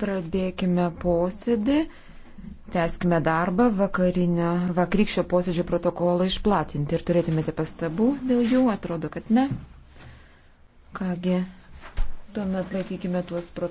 Pradėkime posėdį. Teskime darbą vakarinio, vakrykščio posėdžio protokolą išplatinti. Ir turėtumėte pastabų dėl jų? Atrodo, kad ne. Kągi, tuomet laikykime tuos protokolus.